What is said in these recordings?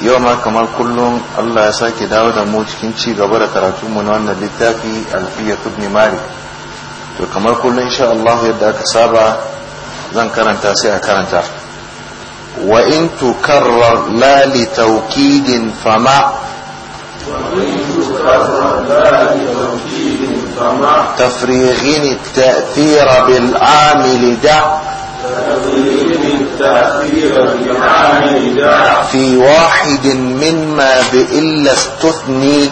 yau ma kamar kullum Allah ya sake dawo da mu cikin ci gaba da mu na wannan littafi alfiya tubni mari to kamar kullum insha Allah yadda aka saba zan karanta sai a karanta wa in tukarrar la li tawkidin fama تفريغ التأثير بالعامل ده في واحد مما بإلا استثني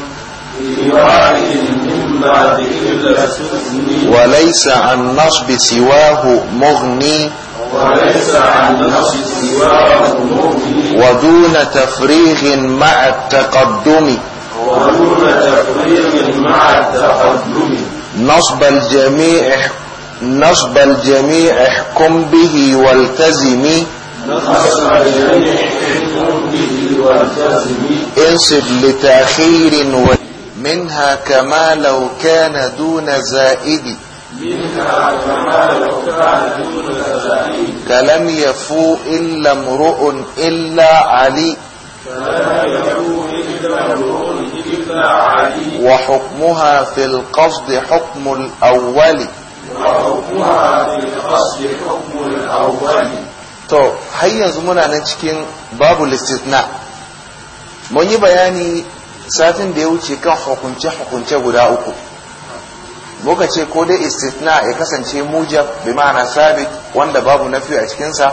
وليس عن نصب سواه مغني وليس عن نصب سواه مغني ودون تفريغ مع التقدم ودون تفريغ مع التقدم نصب الجميع نصب الجميع احكم به والتزم نصب الجميع احكم به والتزم انصب لتأخير منها كما لو كان دون زائد منها كما لو كان دون زائد كلم يفو إلا امرؤ إلا علي وحكمها في القصد حكم الأول to har yanzu muna nan cikin babu listina mun yi bayani satin da ya wuce kan hukunce-hukunce guda uku muka ce ko dai istitna ya kasance mujab bi ma'ana sabit wanda babu nafi a cikinsa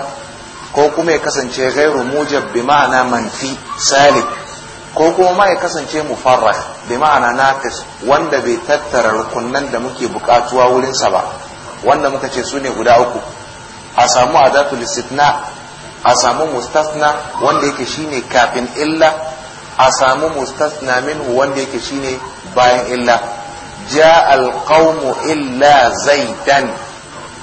ko kuma ya kasance gairu mujab bi ma'ana manfi salik ko kuma ma ya kasance mufarrah bi ma'ana naqis wanda bai tattara rukunnan da muke bukatuwa wurinsa ba wanda muka ce su ne guda uku a samu datu istithna a samu mustasna wanda yake shine kafin illa a samu mustasna min wanda yake shine bayan illa ja alqawmu illa zaidan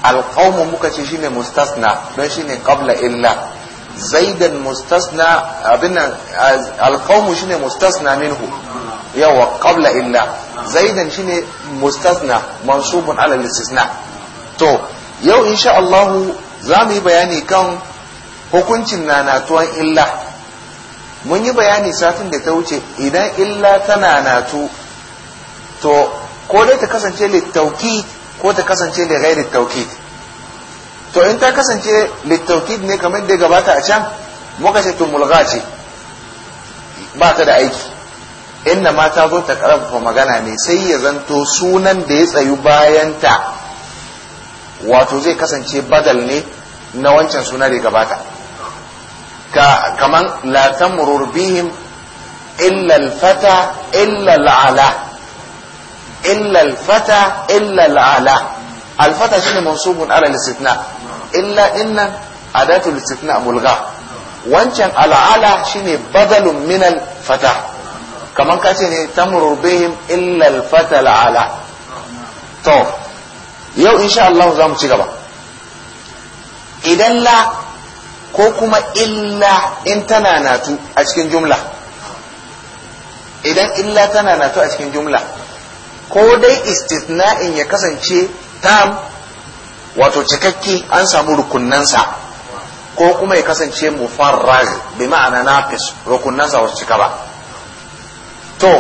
alqawmu muka ce shine mustasna don shine qabla illa zaidan mustasna abin nan alqawmu shine mustasna minhu yawa qabla illa zaidan shine mustasna mansubun ala al-istisna to yau insha Allahu za mu yi bayani kan hukuncin nanatuwan illa mun yi bayani satin da ta wuce idan illa ta nanatu to ko dai ta kasance littauki ko ta kasance da gairi tauki to in ta kasance littauki ne kamar da gabata a can muka ce to mulga ce ba ta da aiki inna ma ta zo ta karfafa magana ne sai ya zanto sunan da ya tsayu bayanta wato zai kasance badal ne na wancan suna da gabata ka kaman la tamrur bihim illa al-fata illa al-ala illa al-fata illa al-ala al-fata shine mansubun ala al-istithna illa inna adatu al-istithna mulgha wancan al'ala shine badalun min al-fata kaman kace ne tamrur bihim illa al-fata al-ala to yau insha Allah za mu ci gaba idan la ko kuma illa in tana natu a cikin jumla idan illa tana natu a cikin jumla ko dai istitna'in ya kasance tam wato cikakke an samu rukunnansa ko kuma ya kasance mufarraj bi ma'ana naqis rukunansa wasu cika ba to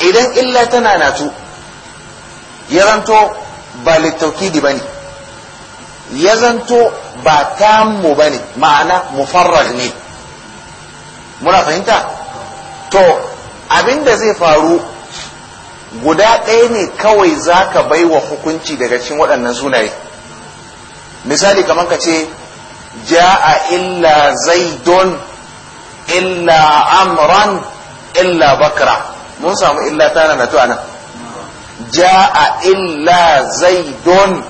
idan illa tana natu ya zanto ba littaukidi ba ne ya zanto ba tamu ba ne ma'ana mufarrag ne muna fahimta to abinda zai faru guda ɗaya ne kawai za ka bai wa hukunci daga cikin waɗannan sunaye misali kamar ka ce ja ja'a illa zaidon illa amran illa bakra mun samu illa tana na a nan. a illa don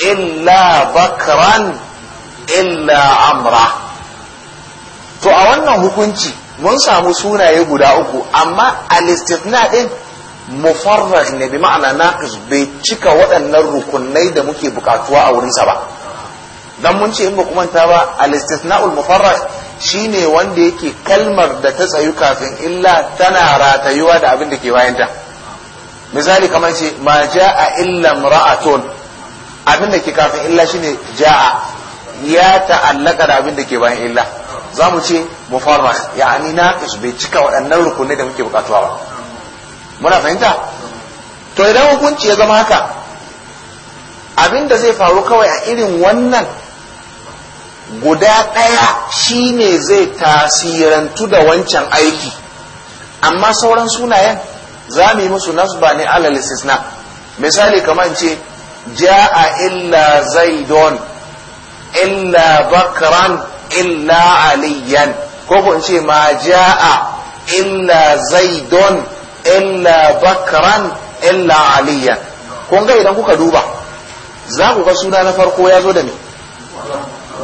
illa bakran illa amra to a wannan hukunci mun samu sunaye guda uku amma al-istithna din mufarrag ne bi ma'ana naqis bai cika waɗannan rukunai da muke bukatuwa a wurinsa ba dan mun ce in ba manta ba al-istithna'ul mufarrag shine wanda yake kalmar da ta tsayu kafin illa tana ratayuwa da abin da ke bayanta misali kamar ce ma ja'a illa ra'aton abin da ke kafin illa shine ja'a ya ta'allaka da abin da ke bayan illa za mu ce mufarrah ya'ani su bai cika waɗannan rukunai da muke bukatuwa ba muna fahimta to idan hukunci ya zama haka abin da zai faru kawai a irin wannan guda ɗaya shine zai tasirantu da wancan aiki amma sauran sunayen za mu yi musu nasba ne alal istisna misali kamar ce ja'a illa zaidon illa bakran illa aliyan ko ko ce ma ja'a illa zaidon illa bakran illa aliyan kun ga idan kuka duba za ku ga suna na farko ya zo da me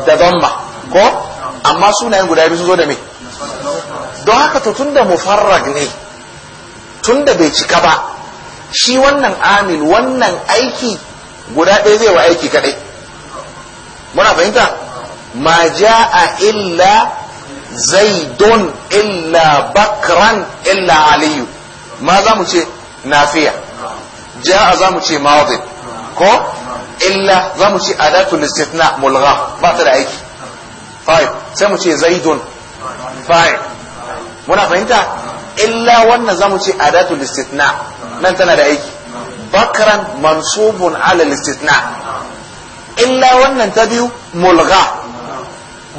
da damma ko amma sunayen guda biyu sun zo da me don haka to da mufarrag ne Tun da bai cika ba shi wannan amil wannan aiki guda ɗaya zai wa aiki kaɗai muna fahimta ma ja'a illa zaidun illa bakran illa aliyu ma za mu ce nafiya ja'a za mu ce mawazin ko illa za mu ce adatul istithna mulgha ba ta da aiki fa'il sai mu ce zaidun fa'il muna fahimta illa wannan zamu ce adatul istithna nan tana da aiki bakran mansubun ala istithna illa wannan ta biyu mulgha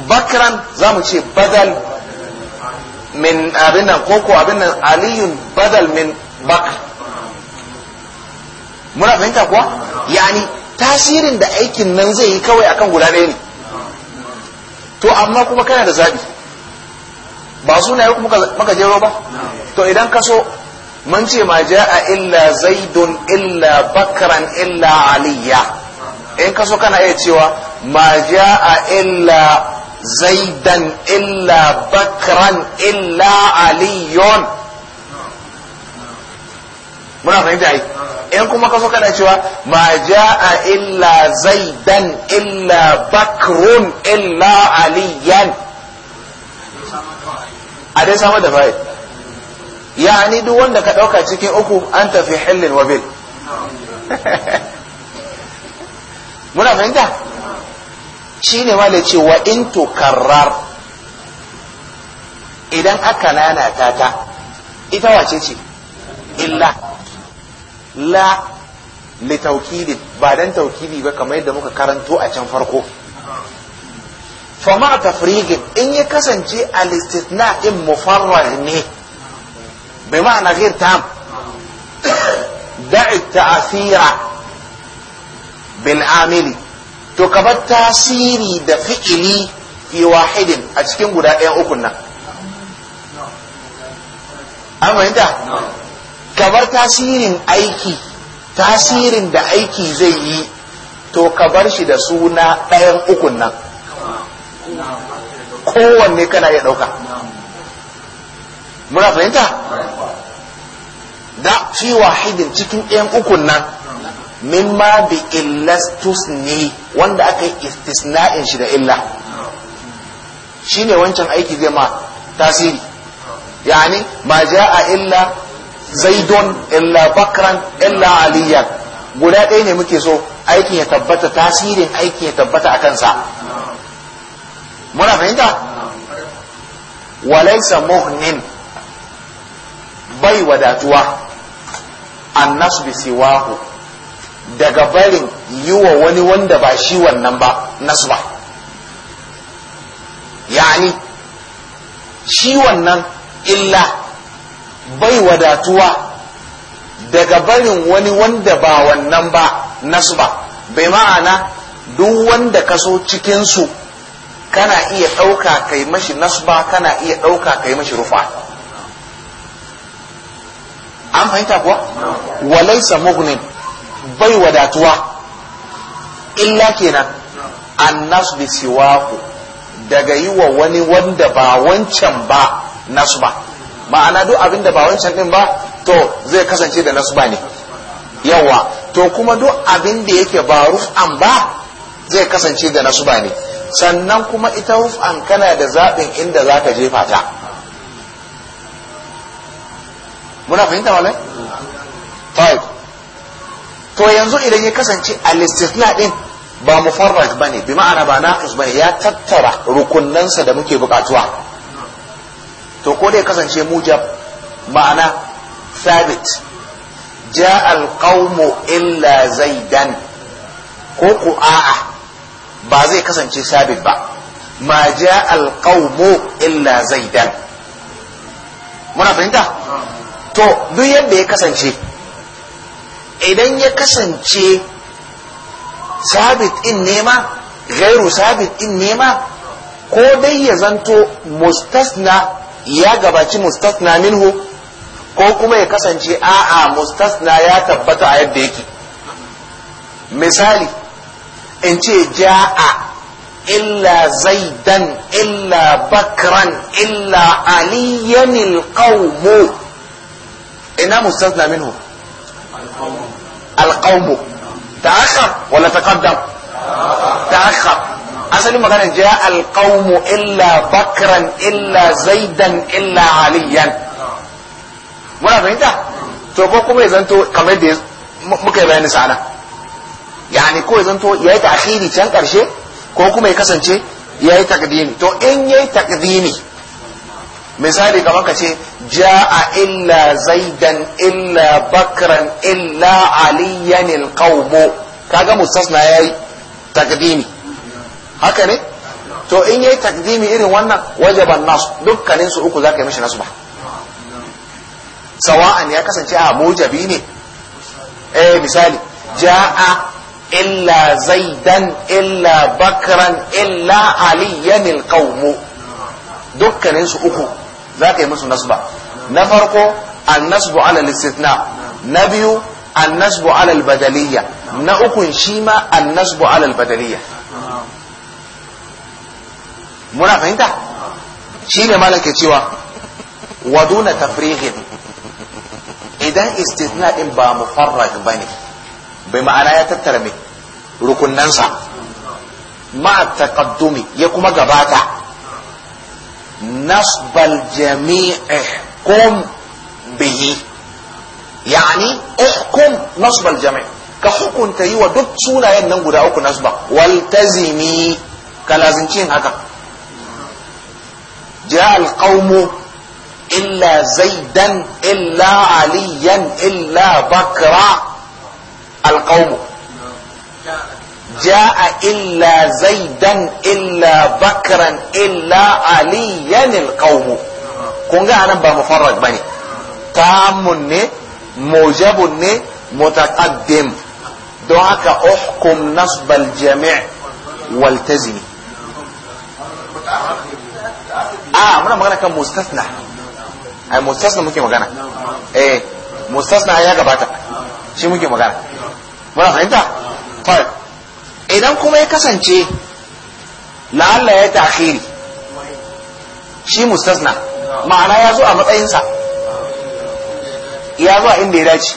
bakran zamu ce badal min abin nan koko abin nan aliyun badal min bak muna fahimta kuwa yani tasirin da aikin nan zai yi kawai akan guda ɗaya ne to amma kuma kana da zaɓi ba sunaye muka jero ba to idan ka so mun ce ma ja a illa zaidun illa bakran illa aliya in ka so kana iya cewa ma ja a illa zaidan illa bakran illa Aliyon. muna fahimta ai in kuma ka so kana cewa ma ja a illa zaidan illa bakrun illa aliyan a dai samar da ya ni duk wanda ka ɗauka cikin uku an tafi hillin wabil muna fahimta shi ne ma da ce wa in idan aka nanata ta ita wace ce illa la litaukili ba dan taukili ba kamar yadda muka karanto a can farko fa ma tafrigin in ya kasance a istithna in mufarrar ne bai ma'ana ghair tam da'i ta'asira bil amili to ka bar tasiri da fi'ili fi wahidin a cikin guda ɗaya ukun nan an fahimta ka bar tasirin aiki tasirin da aiki zai yi to ka bar shi da suna ɗayan ukun nan kowanne kana iya ɗauka muna fahimta da fi wahidin cikin ɗayan ukun nan mimma bi illastus ne wanda aka yi istisna'in shi da illa shine wancan aiki zai ma tasiri yani ma a illa zaidon illa bakran illa aliyar guda ɗaya ne muke so aikin ya tabbata tasirin aikin ya tabbata a kansa muna fahimta walaisa muhnin bai wadatuwa an nasbi siwahu daga barin yi wa wani wanda ba shi wannan ba nasba yani shi wannan illa bai wadatuwa daga barin wani wanda ba wannan ba nasba bai ma'ana duk wanda kaso cikinsu kana iya ɗauka kai mashi nasba kana iya ɗauka kai mashi rufa an fahimta kuwa walaisa mugnin bai wadatuwa illa kenan an nasbi siwaku daga yi wa wani wanda ba wancan ba nasba ma'ana duk abin da ba wancan din ba to zai kasance da nasba ne yawa to kuma duk abin da yake ba ruf'an ba zai kasance da nasba ne sannan kuma ita wufan kana da zaɓin inda za ka jefa ta muna fahimta malai? taib to yanzu idan ya kasance a listina ɗin ba ba ne bi ma'ana ba naqis bane ya tattara rukunnansa da muke buƙatuwa. to ko dai kasance mujab ma'ana thabit ja al-qawmu illa zaidan ko ku a'a ba zai kasance sabit ba ma ja alƙaumo illa zaidan muna fahimta to duk yadda ya kasance idan ya kasance sabit in nema gairu sabit in nema ko dai ya zanto mustasna ya gabaci mustasna minhu ko kuma ya kasance a'a mustasna ya tabbata a yadda yake misali in ce ja'a illa zaidan illa bakran illa aliyan alqawmu ina mustasna minhu alqawmu ta'akhkhar wala taqaddam ta'akhkhar asalin maganar ja'a alqawmu illa bakran illa zaidan illa aliyan muna fahimta to ko kuma ya zanto kamar da muka yi bayani sana yani ko zan to yayi ta'khiri can karshe ko kuma ya kasance yayi takdimi to in yayi takdimi misali kamar ka ce ja'a illa zaidan illa bakran illa aliyan alqawm kaga mustasna yayi takdimi haka ne to in yayi takdimi irin wannan wajaban nas dukkanin su uku zaka yi mishi nasba sawa'an ya kasance a mujabi ne eh misali ja'a illa zaidan illa bakran illa aliyan alqawm dukkanin uku zaka yi musu nasba na farko annasbu ala al na biyu annasbu ala al na uku shi ma annasbu ala al-badaliyya muna fahimta shine malaka cewa waduna Tafrihin idan istithna din ba mu mufarrad bane bai ma'ana ya tattara mai rukunansa ma taqaddumi ya kuma gabata nasbal jami'i kum bihi yani ihkum nasbal jami' ka hukunta yi wa duk sunayen nan guda uku nasba waltazimi ka lazincin haka ja alqaumu illa zaidan illa aliyan illa bakra alƙaunu a illa zaidan illa bakran illa aliyan alƙaunu Kunga ga anan ba mufarrad bane tamun ne mujabun ne mutaqaddim don haka uhkum nasbal jami' waltazimi a muna magana kan mustasna ai mustasna muke magana eh mustasna ya gabata shi muke magana muna fahimta idan kuma ya kasance la'alla ya takiri shi mustasna ma'ana ya zo a matsayinsa ya zo a inda ya dace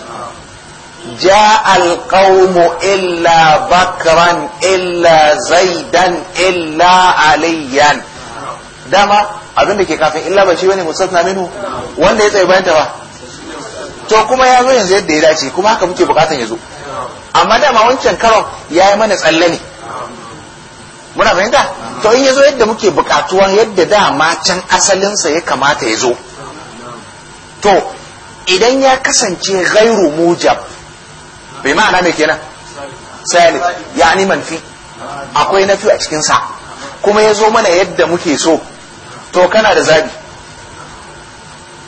ja alƙaumu illa bakran illa zaidan illa aliyan dama abin da ke kafin illa ba shi bane mustasna minu wanda ya tsaye bayan ta ba to kuma ya zo yanzu yadda ya dace kuma haka muke bukatan ya zo amma dama wancan karon ya yi mana tsalle ne muna fahimta to in ya zo yadda muke bukatuwan yadda dama can asalinsa ya kamata ya zo to idan ya kasance gairu mujab bai ma'ana mai kenan salit ya ni manfi akwai nafi a cikinsa kuma ya zo mana yadda muke so to kana da zabi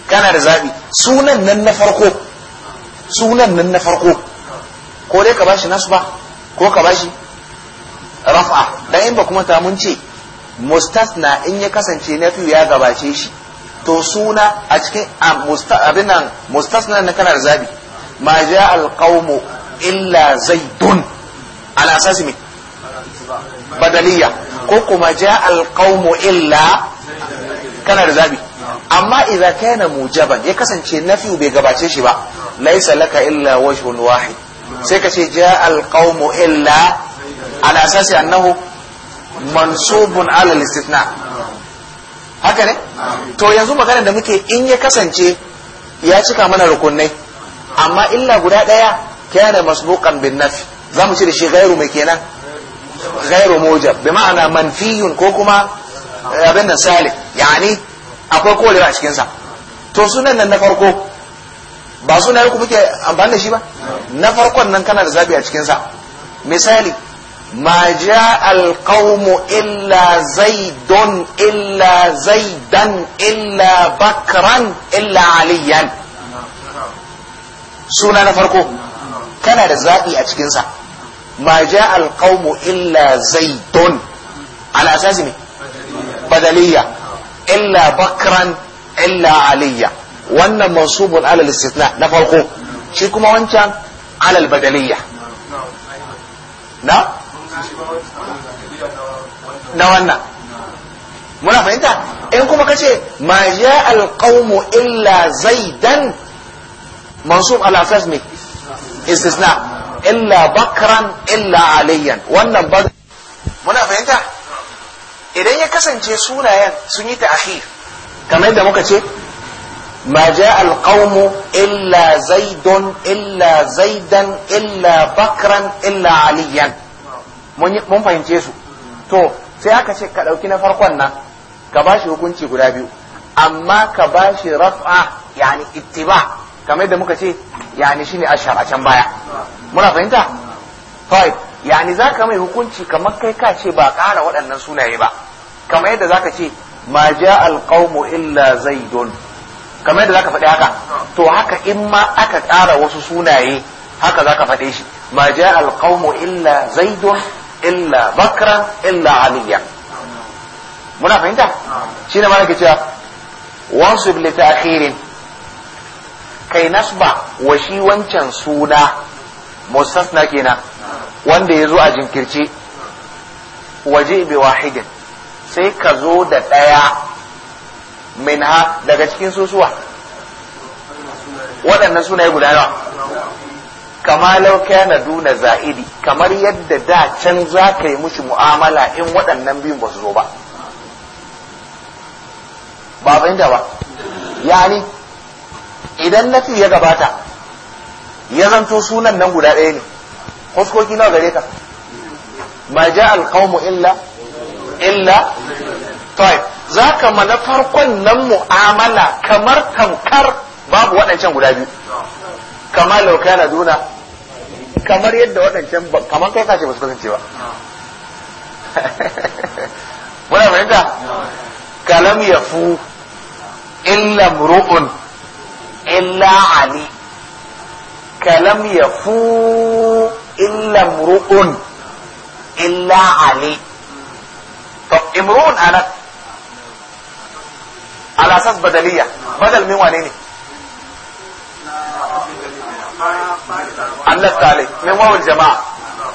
kana da zabi sunan nan na farko sunan nan na farko ko dai ka bashi nasba ko ka bashi rafa dan in ba kuma ta mun ce mustasna in ya kasance fi ya gabace shi to suna a cikin abin nan mustasna na kana zabi ma ja al qawmu illa zaidun ala asasi me badaliya ko kuma ja al qawmu illa kana zabi amma idza kana mujaban ya kasance nafi bai gabace shi ba laisa laka illa wajhun wahid sai ka ce ja alƙaumu illa ala asasi annahu mansubun ala istithna haka ne to yanzu maganar da muke in ya kasance ya cika mana rukunai amma illa guda daya kana masbuqan bin nafi mu ce da shi gairu mai kenan gairu moja. bi ma'ana manfiyun ko kuma eh, abin nan salih yani akwai korewa a cikinsa. sa to sunan nan na farko ba sunaye ku muke amfani da shi ba na farkon nan kana da zabi a cikinsa misali ma ja alqawmu illa zaidun illa zaidan illa bakran illa aliyan suna na farko kana da zabi a cikinsa sa ma ja alqawmu illa zaidun ala asasi ne badaliya illa bakran illa aliya wannan mansubun alal istithna na farko shi kuma wancan alal badaliyya na na wannan muna fahimta in kuma kace ma ja alqawmu illa zaidan mansub ala asas me istisna illa bakran illa aliyan wannan ba muna fahimta idan ya kasance sunayen sun yi ta'khir kamar yadda muka ce ما جاء القوم إلا زيد إلا زيدا إلا بكرا إلا عليا mun fahimce su to sai aka ce ka ɗauki na farkon nan ka bashi hukunci guda biyu amma ka bashi raf'a yani ittiba kamar yadda muka ce yani shine ashar a can baya muna fahimta طيب yani za ka mai hukunci kamar kai ka ce ba ƙara waɗannan sunaye ba kamar yadda za ka ce ma ja illa zaidun kamar yadda zaka faɗi haka to haka in ma aka ƙara wasu sunaye haka zaka faɗe shi ma ja alqawmu illa zaidun illa bakra illa aliya muna fahimta shine ma ke cewa wansub li ta'khirin kai nasba wa shi wancan suna mustasna kenan wanda ya zo a jinkirce waje bi wahidin sai ka zo da ɗaya minha daga cikin susuwa waɗannan suna guda nawa kama lauka na duna za'idi kamar yadda da can za ka yi mushi mu'amala in waɗannan biyun ba su zo ba ba da ba yani idan nafi ya gabata ya zanto sunan nan guda ɗaya ne kuskoki nawa gare ka ma ja alqawmu illa illa طيب za ka mana farkon nan mu'amala kamar tamkar babu waɗancan guda biyu kama lauka na duna kamar yadda waɗancan kamar kai kashe ba su kasance ba muna fahimta kalam ya fu illa muru'un illa ali kalam ya fu illa muru'un illa ali to imru'un anan على اساس بدليه بدل من وانه الله تعالى من واو الجماعه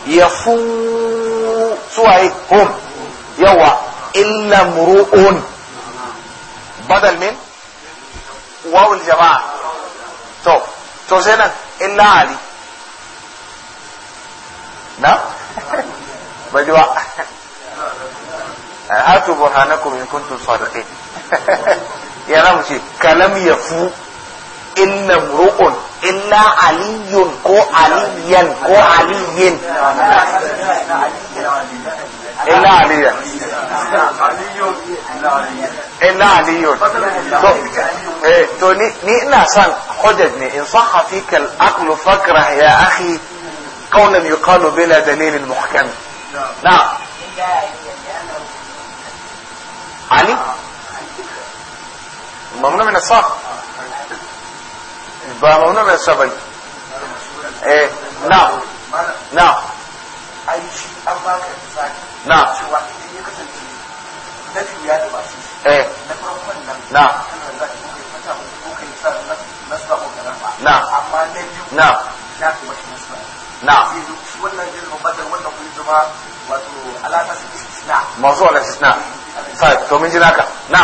يفو سوايكم يوا الا مرؤون بدل من واو الجماعه تو تو زين الا علي نا بدوا هاتوا برهانكم ان كنتم صادقين ya na ce kalam ya fu illa mru'un illa aliyun ko aliyan ko aliyin illa aliyan illa aliyun to eh to ni ni ina san hujjat ne in sahha fika al-aqlu fakrah ya akhi قولا يقال بلا دليل محكم نعم علي mamnu min as ba mamnu min as bane eh na na ai shi an baka zaki na cewa idan ya kasance na juya da ba shi eh na farkon nan na kana zaki ko kai fata ko kai sa na sa ko kana ba na amma na biyu na na kuma shi na na shi wannan zai zama badar wannan kuma zama wato alaka su istisna mawzu al-istisna sai to mun ji naka na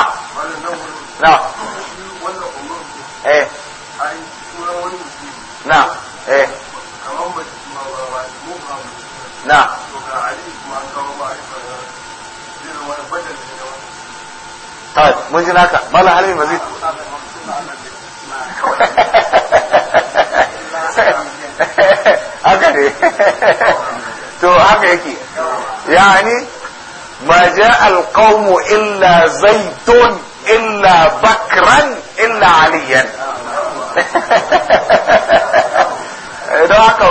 na ايه نعم ايه نعم طيب مجينا هكا بلا حليم مزيد اكري تو يعني ما جاء القوم الا زيت الا بكرا illa aliyan don haka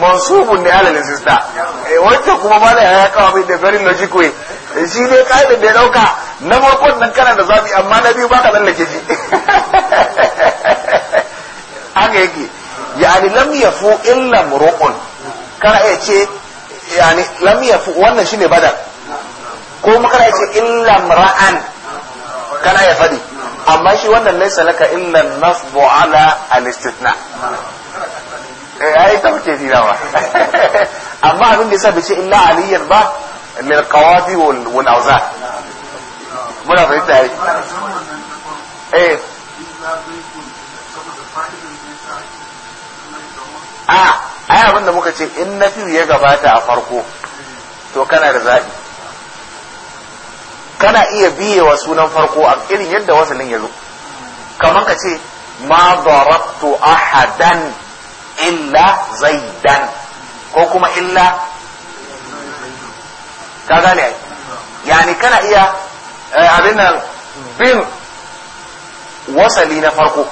mansubun ne alal sista. Eh, wacce kuma ba ya kawo mai da very logic way eh, shi ne ƙa'idar da ya ɗauka na farkon nan kana da zabi amma na biyu baka lallake shi haka yake yani lam yafu illa murqun kana iya ce yani lam yafu wannan shine badal ko kuma kana ce illa mra'an kana ya fadi amma shi wannan laisa laka illa nasbu ala al-istithna eh ai ta muke tirawa amma abin da yasa bai ce illa aliyan ba min qawadi wal awza muna fahimta ai eh a ah, ai abin da muka ce in nafiyu ya gabata a farko to kana da zabi kana iya biyewa sunan farko a irin yadda wasalin ya zo kamar ka ce ma darabtu ahadan illa zaidan ko kuma illa ka gane ai yani kana iya eh, abin nan bin wasali na farko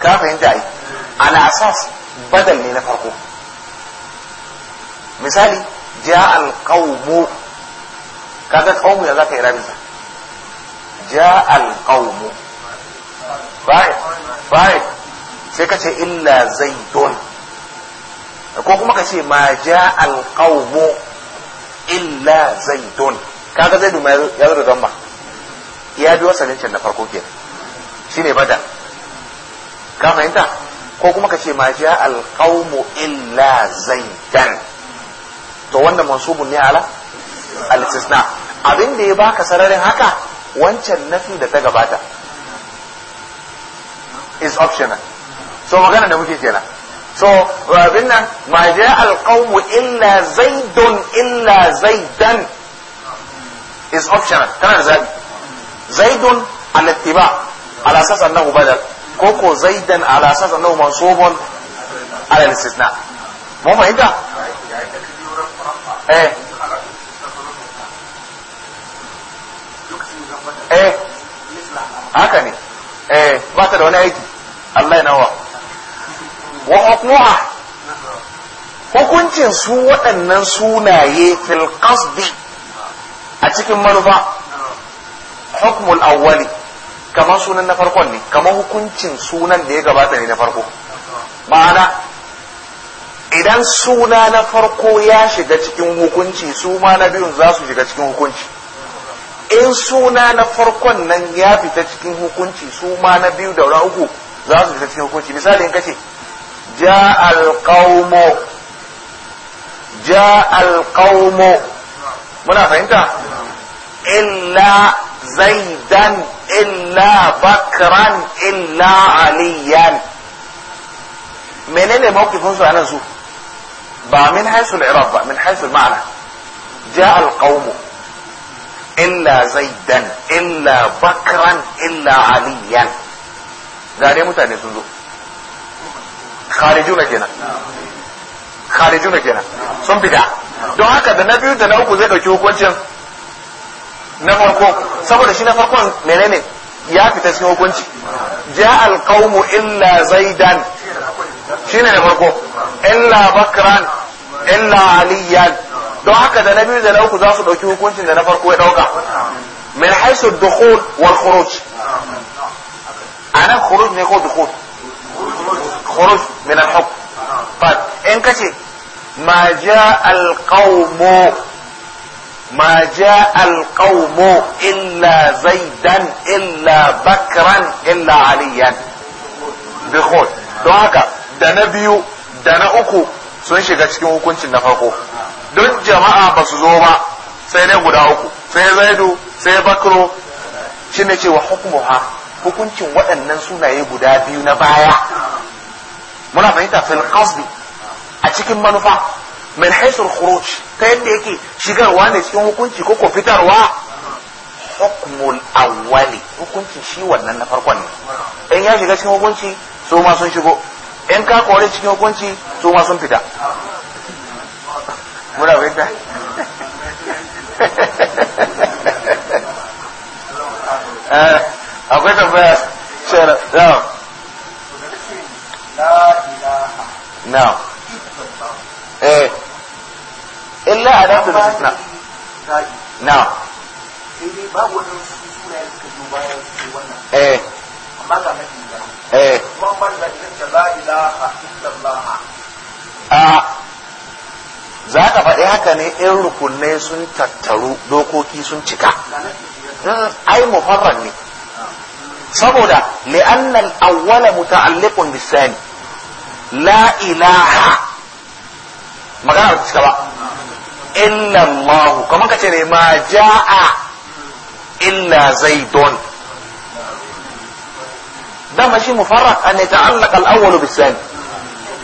ka fahimta ai ana asas badal ne na farko misali ja alƙaumu kaga ƙaumu ya za ka yi rabinsa ja alƙaumu bai sai ka ce illa zaidun ko kuma ka ce ma ja alƙaumu illa zaidun kaga zai ma ya zo da don ba ya bi wasalin can na farko ke shine bada ka fahimta ko kuma ka ce ma ja alƙaumu illa zaidan to wannan mansubun ne ala al-istisna abin da ya baka sararin haka wancan nafi da ta gabata is optional so magana da muke kenan so abin nan ma ja al-qawmu illa zaidun illa zaidan is optional kana da zabi zaidun al-ittiba ala asas annahu badal koko zaidan ala asas annahu mansubun ala al-istisna mu fahimta eh eh ne eh ba da wani aiki Allah hukuncin su waɗannan sunaye fil qasdi a cikin manufa hukmul awwali kamar sunan na farkon ne kamar hukuncin sunan da ya gabata ne na farko ma'ana idan suna na farko ya shiga cikin hukunci su ma na biyun za su shiga cikin hukunci in suna na farkon nan ya fita cikin hukunci su ma na biyu da uku za su fita cikin hukunci misali in kace ja alqaumo ja alqaumo muna fahimta illa zaidan illa bakran illa aliyan menene mawkifinsu a nan su ba min haisul irab ba min haisul ma'ana ja alqawmu illa zaidan illa bakran illa aliyan gare mutane sun zo kharijuna kenan kharijuna kenan sun fita don haka da na biyu da na uku zai dauki hukuncin na farko saboda shi na farkon menene ya fita cikin hukunci ja alqawmu illa zaidan shine na farko illa bakran illa aliyan don haka da na biyu da na uku za su ɗauki hukuncin da na farko ya ɗauka min haisu dukhul wal khuruj anan khuruj ne ko dukhul khuruj min al hukm fa in kace ma jaa al qawmu ما جاء القوم إلا زيدا إلا بكرا إلا عليا بخول دعاك ده نبيو da na uku sun shiga cikin hukuncin na farko don jama'a ba su zo ba sai ne guda uku sai zaidu sai bakro shi ne cewa hukumuha hukuncin waɗannan sunaye guda biyu na baya muna fahimta fil qasdi a cikin manufa min haisul khuruj ta yadda yake shigarwa ne cikin hukunci ko ko fitarwa hukmul awwali hukuncin shi wannan na farkon ne in ya shiga cikin hukunci su ma sun shigo in ka kore cikin hukunci su ma sun fita la a za ka faɗi haka ne in rukunai sun tattaru dokoki sun cika ai mufarran ne saboda li'annan awwala muta'alliqun bisani sani la ilaha magana ba cika ba illallahu Allah kamar kace ne ma jaa illa zaidon ده ماشي مفرق ان يتعلق الاول بالثاني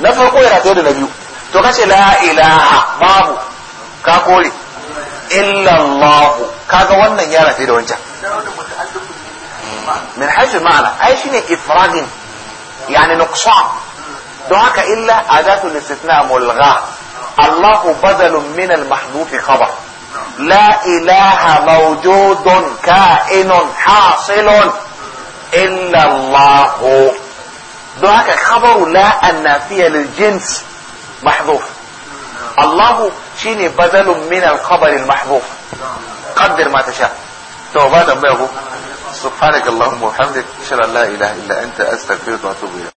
نفرق الى تيد نبيو توكاشي لا اله باب كاكولي الا الله كذا وانا يالا تيد وانجا من حيث المعنى اي شيء افراد يعني نقصان دعاك الا اداه الاستثناء ملغاه الله بدل من المحذوف خبر لا اله موجود كائن حاصل إلا الله دعاك خبر لا النافية للجنس محذوف الله شيني بدل من الخبر المحذوف قدر ما تشاء توباتا به سبحانك اللهم وبحمدك اشهد ان لا اله الا انت استغفرك واتوب اليك